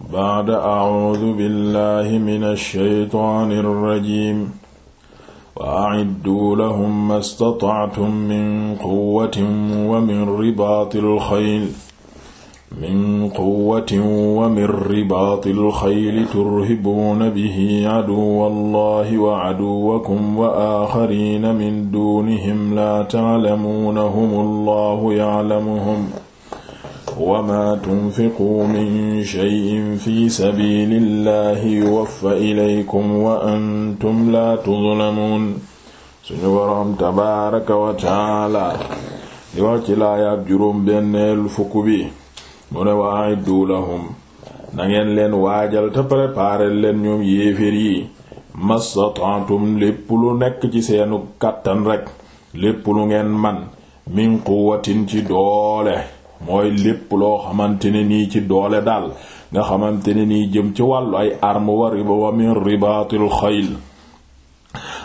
baada acuudu billahi min alsheytaani alrajim wa acidduu lahum ma statactum min quwatin wa min ribaati alxayl min quwatin wa min ribaati alxayli turhibuuna bihi caduwa allahi wa caduwakum wa aaxariina min duunihim laa taclamuunahum allahu yaclamuhum wa ma tunfiqu min shay'in fi sabilillahi yuwaffa ilaykum wa antum la tuzlamun suñu boroom tabaaraka wa taala ci laayaab juróom benneelu fukk bi mu ne wa a'iddu lahum nangeen leen waajal te préparer leen ñoom yéefér yi mastata'tum lépp lu nekk ci seenu kattan rekk lépp lu ngeen man min quwwatin ci doole mooy lépp loo xamante ne nii ci doole daal nga xamante ne nii jëm ci wàllu ay arme wa riba wa min ribaatil xayl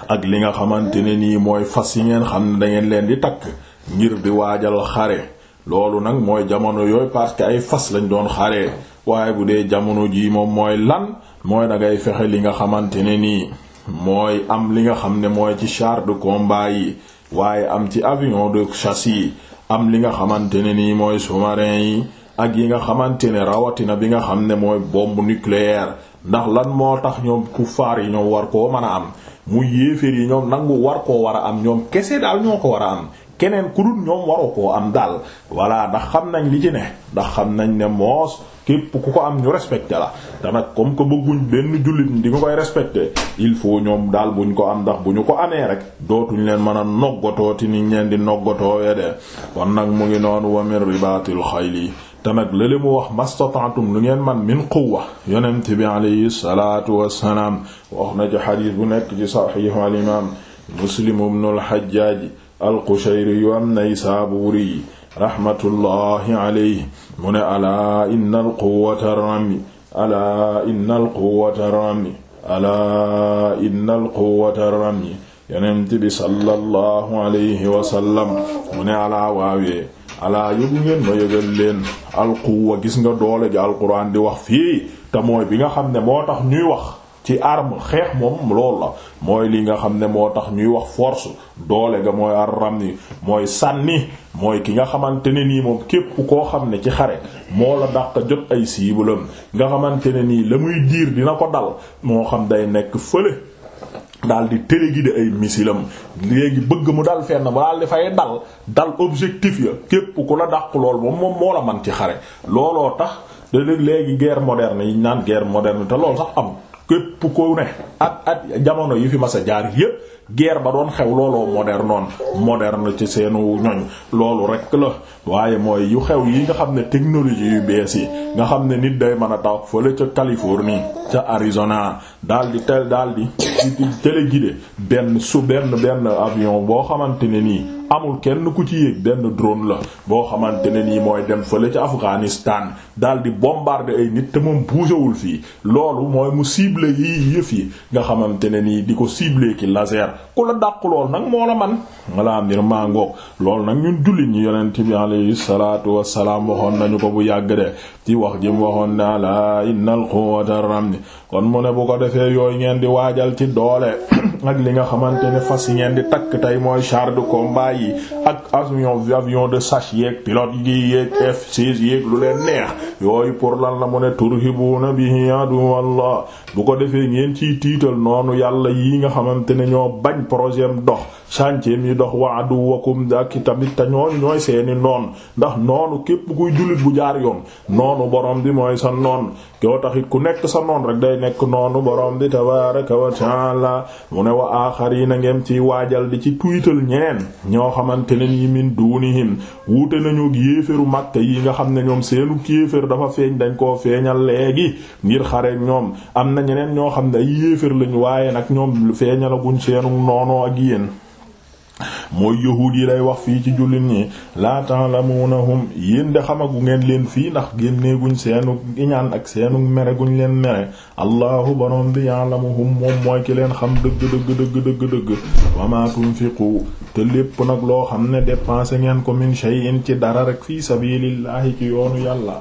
ak li nga xamante ne nii mooy fas yi ngeen xam ne dangeen leen di takk ngir di waajal xare loolu nag mooy jamono yooyu parce que ay fas lañ doon xaree waaye bu dee jamono jii moom mooy lan mooy da ngay fexe li nga xamante ne nii mooy am li nga xam ne mooy ci char de combat yi waaye am ci avion de chasse am li nga xamante ne nii mooy sous-marin yi ak yi nga xamante ne rawatina bi nga xam ne mooy bombe nucléaire ndax lan moo tax ñoom kuffaar yi ñoom war koo mën a am muy yéeféer yi ñoom nangu war koo war a am ñoom kese daal ñoo ko war a am keneen ku dul ñoom waru koo am daal voilà ndax xam nañ li ci ne ndax xam nañ ne moos képp ku ko am ñu respecté la te nag comme que bëgguñ benn jullit di nga koy respecté il faut ñoom daal buñ ko am ndax bu ñu ko amee rek dootuñ leen mën a noggatoo ti niñ leen di noggatoo de kon nag mu ngi noonu wa min ribaatil xayli te nag lële mu wax mastataatum lu ngeen man min quwwa yonent bi alayhi salaatu wassalaam wax na ci xadiis bu nekk ci saxiixu al imaam muslim ibnul alqushayri yu am naysaabuuri yi raxmatullahi alayhi mu ne alaa inna alquwwata rami alaa inna alquwwata rami alaa inna alquwwata alayhi wa mu ne alaa waawee alaa yógu ngeen ma leen alquwa gis nga doole ji alquran di wax fii te mooy bi nga xam ne moo tax ñuy wax ci arme xeex moom loolu la mooy li nga xam ne moo tax ñuy wax force doole ga mooy arram yi mooy sànni mooy ki nga xamante ne nii moom képp koo xam ne ci xare moo la dàq jot ay siibalam nga xamante ne nii la muy diir dina ko dal moo xam day nekk fële daal di téléguider ay misilam léegi bëgg mu dal fenn ba daal di fay dal dal objectif ya képp ku la dàq lool moom moom moo la man ci xare looloo tax da léegi guerre moderne yi naan guerre moderne te loolu am képp ko ne ak ak jamono yi fi mas a jaar yépp guerre ba doon xew looloo modernoon moderne ci seenu ñoñ loolu rek la waaye mooy yu xew yi nga xam ne technologie yu bees yi nga xam ne nit day mën a taw fële ca Californie ca Arizona daal di tel daal di téléguidé benn su benn benn avion boo xamante ne nii amul kenn ku ci yéeg benn drone la boo xamante ne nii mooy dem fële ca Afghanistan daal di bombarder ay nit te moom bougéwul fii loolu mooy mu cible yi yëf yi nga xamante ne nii di ko cible ki laser ku la dàq lool nag moo la man walla am maa ngoog lool nag ñun jullit ñi yonent bi alayhi salaatu wassalaam waxoon nañu ko bu yàgg de ci wax ji waxoon ne alaa innal quwwata ramni kon mu ne bu ko defee yooyu ngeen di waajal ci doole ak li nga xamante ne fas yi ngeen di takk tey mooy yi ak avion avion de chasse yeeg pilote yi yeeg F-16 yeeg lu leen neex yooyu pour lan la mu ne turhibuuna bihi aduwallah bu ko defee ngeen ciy tiital noonu yàlla yi nga xamante ne ñoo bañ projet dox chantier yi dox wa aduwakum ak tamit te ñooñu ñooy seeni noon ndax noonu képp kuy jullit bu jaar yoon noonu borom bi mooy sa noon koo taxit ku nekk sa noon rek day nekk noonu borom bi tabaraka wa la mu ne wa axarina ngeen ci waajal di ci tuyital ñeneen ñoo xamante ne nii min duunihim wuute nañu ak yéeferu Makka yi nga xam ne ñoom seenu yéefér dafa feeñ dañ koo feeñal léegi ngir xare ñoom am na ñeneen ñoo xam ne ay yéefér lañu waaye nag ñoom feeñalaguñ seenu noonoo ak yéen mooy yahuud yi lay wax fii ci jullit ñi laa ta'lamunahum yéen de xamagu ngeen leen fii ndax génneeguñ seenu iñaan ak seenu mere guñ leen mere allahu boroom bi ya'lamuhum moom mooy ci leen xam dëgg dëgg dëgg dëgg dëgg wa ma tunfiqu te lépp nag loo xam ne dépensé ngeen ko min shay'in ci dara rek fii sabilillahi ci yoonu yàlla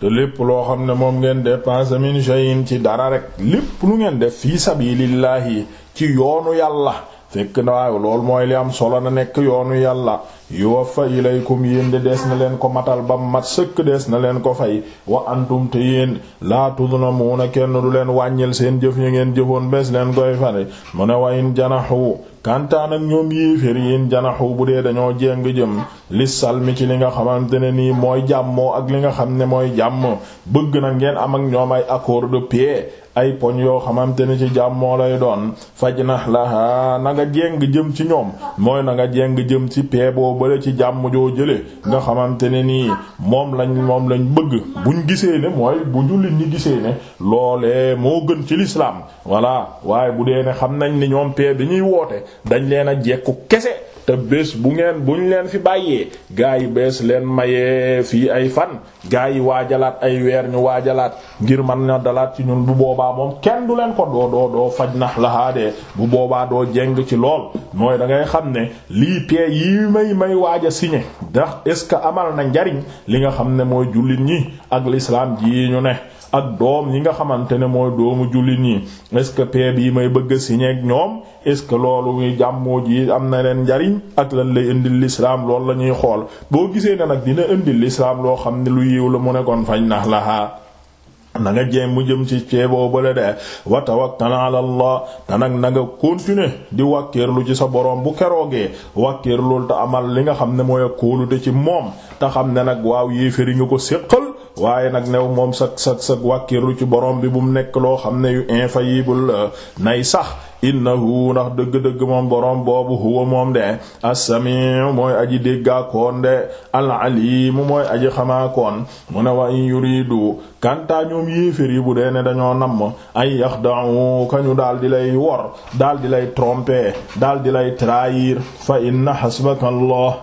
te lépp loo xam ne moom ngeen dépensé min shay'in ci dara rek lépp lu ngeen def fii sabilillahi ci yoonu yàlla fekk na waaw loolu mooy li am solo na nekk yoonu yàlla yuwaffa ilaykum yéen de dees na leen ko matal ba mu mat sëkk dees na leen ko fay wa antum te yéen laa tudlamuuna kenn du leen wàññil seen jëf yi ngeen jëfoon bés leen koy fare mu ne wayin janaxu kantaan ak ñoom yéefér yin janaxu bu dee dañoo jéng jëm li mi ci li nga xamante ne nii mooy jàmmoo ak li nga xam ne mooy jàmm bëgg na ngeen am ak ñoom ay accord de paix ay poñ yoo xamante ne ci jàmmoo lay doon faj na la na nga jeng jëm ci ñoom mooy na nga jeng jëm ci pee boo bale ci jàmm joo jële nga xamante ne nii moom lañ moom lañ bëgg buñ gisee ne mooy bu jullit ñi gisee ne loolee moo gën ci lislaam voilà waaye bu dee ne xam nañ ni ñoom pee bi ñuy woote dañ leen a jekku kese te bés bu ngeen ñu leen fi bàyyee gaa yi bees leen mayee fii ay fan gaa yi waajalaat ay weer ñu waajalaat ngir man na dalaat ci ñun bu boobaa moom kenn du leen ko doo doo doo faj nax lahaadee bu boobaa doo jeng ci lool mooy da ngay xam ne lii pee yii may may waaj a signé ndax est-ce que amal na njariñ li nga xam ne mooy jullit ñi ak l'islam ji ñu ne ak doom ñi nga xamante ne mooy doomu jullit ñi est-ce que paix bi may bëgg a signé ñoom est-ce que loolu muy jàmmoo ji am na leen njariñ ak lan lay indil l'islam loolu la ñuy xool boo gisee ne nag dina indil l'islam loo xam ne lu yiw la mu nekkoon fañ nax la na nga jéem mu jëm ci ceeboo bale de wa tawakkal ala allah te nag na nga continuer di wàkkeerlu ci sa borom bu keroogee wàkkeerlul te amal li nga xam ne mooy kóolute ci moom te xam ne nag waaw yéeféri nga ko séqal waaye nag new moom sag sag sag wàkkirlu ci borom bi bu mu nekk loo xam ne yu infaillible euh, nay sax innahu ndax dëgg-dëgg moom boroom boobu huwa moom de as mooy aji déggaakoon de al-alimu mooy aji xamaakoon mu ne wa in yuridu kantaa ñoom yéefér yi bu dee ne dañoo namm ay yaxda'u kañu daal di lay wor daal di lay tromper daal di lay trahir fa inna hasbaka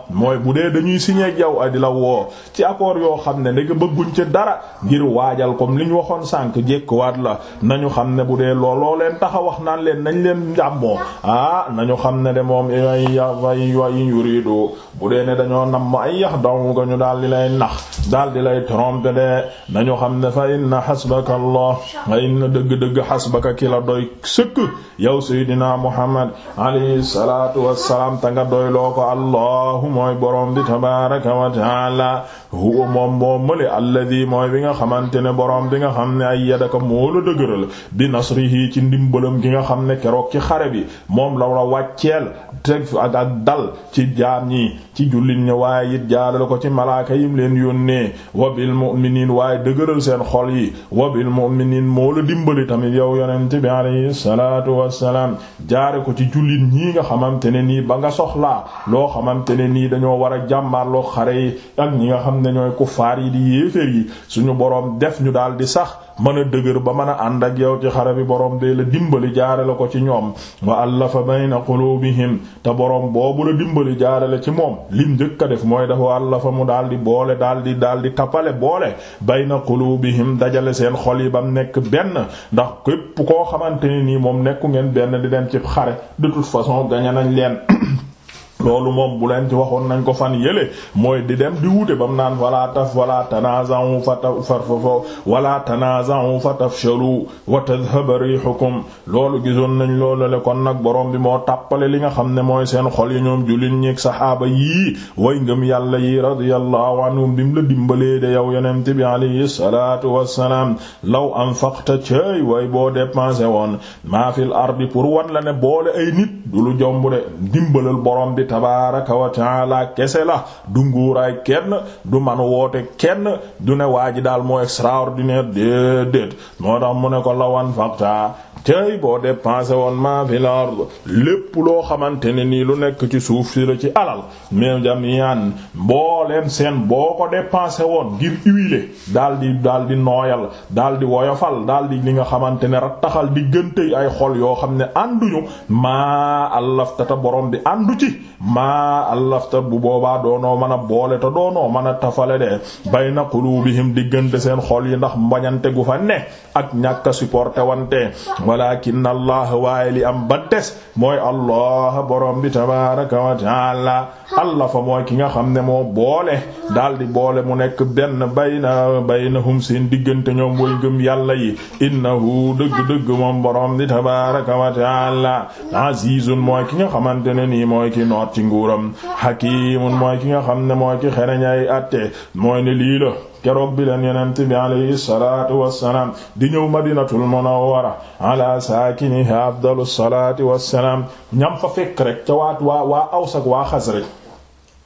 mooy bu dee dañuy signé ak a di la woo ci accord yoo xam ne ndeke bëgguñ ci dara ngir waajal comme li ñu waxoon sànk jékkuwaat la nañu xam ne bu dee looloo leen taxa wax naan leen nañ leen leen jàmmoo na ah, nañu xam ne de moom ay ay way yuridu bu dee ne dañoo namm ay yax daw ko ñu daal di lay nax daal di lay tromper de nañu xam ne fa inna hasbaka allah fa inna dëgg-dëgg hasbaka ki la doy sëkk yow seydina muhammad alayhi salatu wassalaam ta nga doy loo ko allahu mooy boroom bi tabaraka wa taala huwa moom moo mële alladi mooy bi nga xamante ne borom bi nga xam ne ay yadaka moo la dëgëral bi nasrihi ci ndimbalam gi nga xam ne keroog ci xare bi moom la la wàcceel teg ak ak dal ci jaam ñi ci jullit ñi waaye it jaarale ko ci malaaka yim leen yónnee wabil mu'miniin waaye dëgëral seen xol yi wabil mu'miniin moo la dimbali tamit yow yonent bi alayhi salaatu wassalaam jaare ko ci jullit ñii nga xamante ne nii ba nga soxlaa loo xamante ne nii dañoo war a jàmmarloo xare yi ak ñi nga xam ne ñooy kuffaar yi di yéeféer yi suñu boroom def ñu daal sax mën a dëgër ba mën a ànd ak yow ci xare bi borom dee la dimbali jaare ko ci ñoom wa allafa bayna qulubihim te borom boobu la dimbali jaare ci moom lim njëkk a def mooy dafa allafa mu daal di boole daal di daal di tappale boole bayna qulubihim dajale seen xol yi ba bam nekk benn ndax képp koo xamante ne nii moom nekku ngeen benn di dem ci xare de toute façon gañe nañ leen loolu moom bu leen ci waxoon nañ ko fan yële mooy di dem di wuute ba mu naan wala taf wala tanaza'u fa tafar wala tanaza'u fa tafshalu wa tadhhaba rihukum loolu gisoon nañ loolu kon nag borom bi moo tàppale li nga xam ne mooy seen xol yi ñoom jullit ñi saxaaba yii way ngëm yàlla yi radiyallahu anhum bi mu la dimbalee de yow yonent bi alayhi salaatu wassalaam law anfaqta cëy way boo dépensé woon maa fil ardi pour wan la ne lu jomb de dimbalal borom bi tabaaraka wa taala kese la du nguuraay kenn du man woote kenn du ne waa ji daal moo extraordinaire déedéet moo tax mu ne ko wan fakta tey boo dépensé woon maa fil lépp loo xamante ne nii lu nekk ci suuf si la ci alal mais jamian mbooleem seen boo ko dépensé woon ngir huiler daal di daal di nooyal daal di woyofal daal di li nga xamante ne rattaxal diggante ay xol yoo xam ne ànduñu maa allaftata borom bi àndu ci maa allafta bu boobaa doonoo mën a boole te doonoo mën a tafale na de bi qulubihim diggante seen xol yi ndax mbañante gu fa ne ak ñàkk a supporté walakin allah waaye li am ba des mooy allah boroom bi tabaraka wa taala allah fa mooy ki nga xam ne moo boole daal di boole mu nekk benn bayna baynahum seen diggante ñoom way ngëm yàlla yi innahu dëgg-dëgg moom borom bi tabaraka wa taala azizun mooy ki nga xamante ne nii mooy ki noot ci nguuram hakimun mooy ki nga xam ne mooy ki xereñ ay atte mooy ne lii la keroog bi leen yonent bi alayhi salaatu wassalaam di ñëw madinatul munawwara ala saakiniha afdalu salaati wassalaam ñam fa fekk rek ca waa waa waa aws ak waa xasraj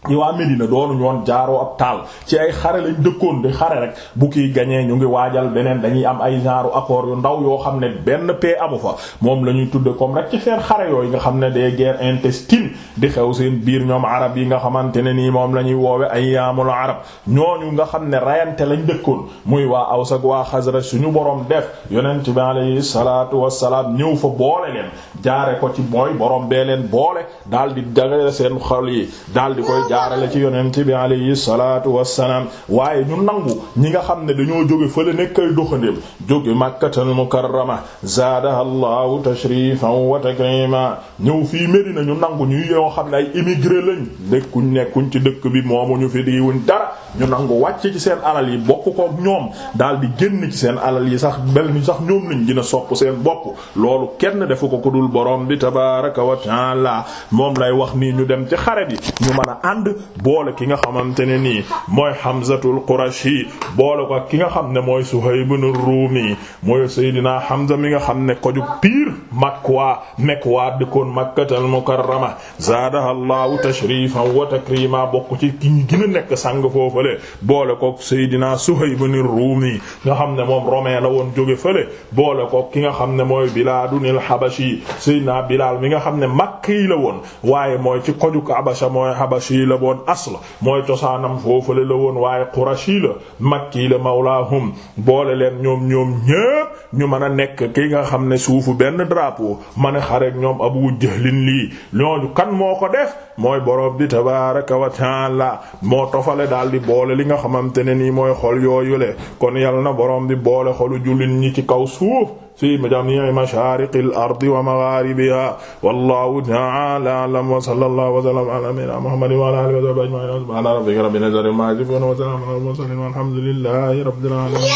ñi waa Medina doonu ñoon jaaroo ab taal ci ay xare lañ dëkkoon di xare rek bu kii gañee ñu ngi waajal beneen dañuy am ay genre accord yu ndaw yoo xam ne benn paix amu fa moom la ñuy tudde comme rek ci seen xare yooyu nga xam ne des guerres intestines di xew seen biir ñoom arab yi nga xamante ne nii moom la ñuy woowe ayyaamul arab ñooñu nga xam ne rayante lañ dëkkoon muy waa Aws ak waa Xasraj suñu borom def yonent bi alayhi salaatu wassalaam ñëw fa boole leen jaare ko ci mooy borom bee leen boole daal di dagale seen xol yi daal di koy jaarale ci yonent bi alayhi salaatu wassalaam waaye ñu nangu ñi nga xam ne dañoo jóge fële nekk ay doxandéem jóge makkatal mukarrama zaadaha allahu tashrifan wa takrima ñëw fii Medina ñu nangu ñuy yoo xam ne ay immigré lañ nekkuñ nekkuñ ci dëkk bi moomu ñu fi diwuñ dara ñu nangu wàcc ci seen alal yi bokk ko ñoom daal di génn ci seen alal yi sax bel ñu sax ñoom lañ gën a sopp seen bopp loolu kenn defu ko ko dul ngërëmul borom bi tabaaraka wa taala moom lay wax nii ñu dem ci xare bi ñu mën a ànd boole ki nga xamante ne ni mooy Hamzatul Qurashi boole ko ak ki nga xam ne mooy Suhayb ibn Rumi mooy Seydina Hamza mi nga xam ne ko ju piir Makwa Makwa dëkkoon Makkatal Mukarrama zaadaha Allahu tashrifan wa takrima bokk ci ki ñu nekk sang foofale boole ko ak Seydina Suhayb ibn Rumi nga xam ne moom romain la woon jóge fële boole ko ki nga xam ne mooy Bilaadunil Habashi Seydina Bilaal mi nga xam ne Makki la woon waaye mooy ci kojuk Abasha mooy Habashi la woon asla mooy cosaanam foofale la woon waaye Qurashi la Makki la mawlaahum boole leen ñoom ñoom ñépp ñu mën a nekk ki nga xam ne suufu benn drapeau ma ne xareek ñoom Abu Jahlin lii ñooñu kan moo ko def mooy borom bi tabaaraka wa taala moo tofale daal di boole li nga xamante ne nii mooy xol yooyu le kon yal na borom bi boole xolu jullit ñi ci kaw suuf fi jamii mashaariqil ardi wa maghaaribiha wallahu ta'ala a'lam wa sallallahu wa sallam ala nabiyyina muhammadin wa ala alihi wa sahbihi ajma'in subhana rabbika rabbil izzati amma yasifun wa salamun ala al mursalin walhamdulillahi rabbil alamin